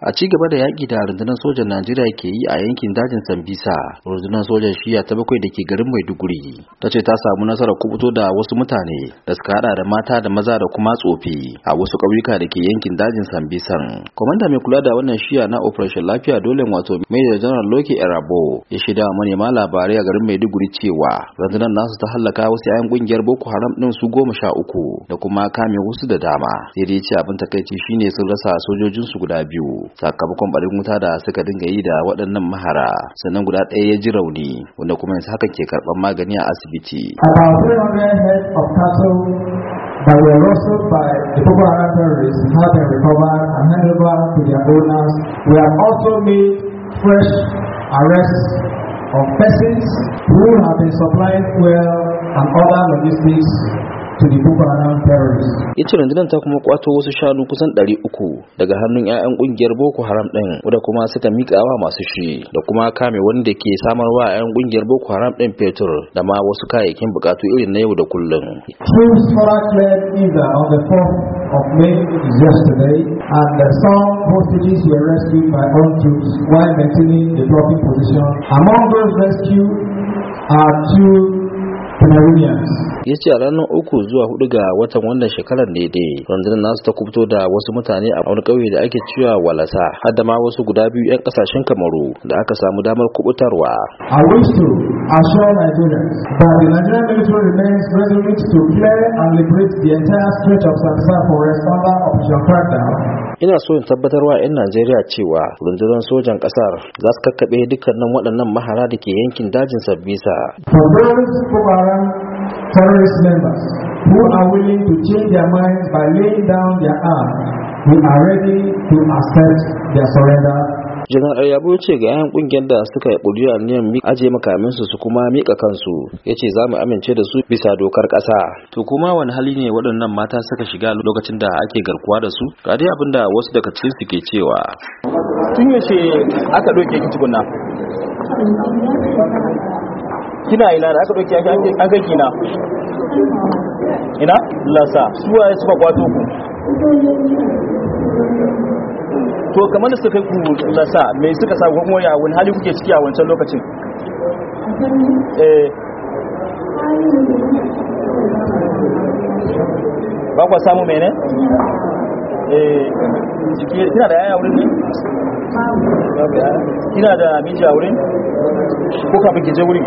a ci gaba da yaƙi da rundunar sojan najeriya ke yi a yankin dajin sambisa rundunar sojan shiya ta bakwai da ke garin maiduguri ta ce ta samu nasarar kubuto da wasu mutane da suka hada da mata da maza da kuma tsofi a wasu ƙauyuka da ke yankin dajin sambisan kwamanda mai kula da wannan shiya na operation lafiya dole wato major general loke erabo ya shaida wa manema labarai a garin maiduguri cewa rundunar nasu ta hallaka wasu 'yan ƙungiyar boko haram ɗin su goma sha uku da kuma kame wasu da dama sai dai ce abin takaici shine sun rasa sojojinsu guda biyu sakamakon barin wuta da suka dinga yi da waɗannan mahara sannan guda ɗaya ya ji rauni wanda kuma yanzu haka ke karɓar magani a asibiti. that were roasted by the Boko Haram terrorists have been recovered and handed to their owners. We have also made fresh arrests of persons who have been supplied fuel and other logistics to the Boko Haram terrorists. Ya ce rundunar ta kuma kwato wasu shanu kusan ɗari uku daga hannun 'ya'yan ƙungiyar Boko Haram ɗin da kuma suka wa masu shi da kuma kame wanda ke samar wa 'ya'yan ƙungiyar Boko Haram ɗin fetur da ma wasu kayayyakin buƙatu irin na yau da kullum. Troops massacred Iza on the 4th of May yesterday and the some hostages were rescued by armed troops while maintaining the dropping position. Among those rescued are two ya ce a ranar uku zuwa hudu ga watan wannan shekarar daidai, dai rundunar nasu ta kubuto da wasu mutane a wani ƙauye da ake cewa walasa har da ma wasu guda biyu 'yan ƙasashen kamaru da aka samu damar kubutarwa A wish to assure Nigerians that the Nigerian military remains resolute to clear and liberate the entire stretch of Sahel for responder of your crackdown ina so in tabbatarwa 'yan najeriya cewa rundunar sojan ƙasar za su kakkaɓe dukkanin waɗannan mahara da ke yankin dajin sambisa around terrorist members who are willing to change their minds by laying down their arms, we are ready to accept their surrender janar yabo ce ga 'yan kungiyar da suka yi kudi aniyar aje makaminsu su kuma mika kansu ya ce za mu amince da su bisa dokar kasa to kuma wani hali ne waɗannan mata suka shiga lokacin da ake garkuwa da su ga dai abin da wasu daga cikin su ke cewa tun yaushe aka doke ki tukuna kina ina da aka ɗauki an kai kina ina lasa suwa ya suka kwato ku to kamar da suka kai ku lasa mai suka sa gwamnati a wani hali kuke ciki a wancan lokacin eh. ba kwa samu mene? Eh. kina da yaya wurin ne? kina da miji a wurin? ko kafin ke je wurin?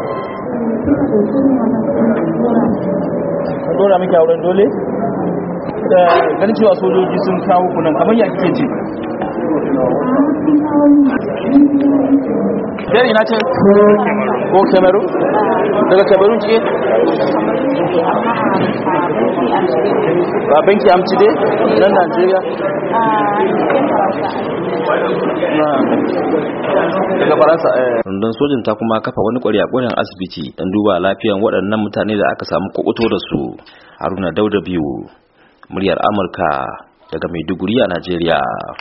dora miki auren dole da eh, ganin cewa sojoji sun kawo kunan kamar ya kike ji Dari na ce? Ko Cameroon? Daga Cameroon ce? Baban ki amci dai? Nan Najeriya? Ah, na. daga faransa eh. rundun sojin ta kuma kafa wani a gurin asibiti don duba lafiyar waɗannan mutane da aka samu kokoto da su haruna dauda biyu muryar amurka daga maiduguri a najeriya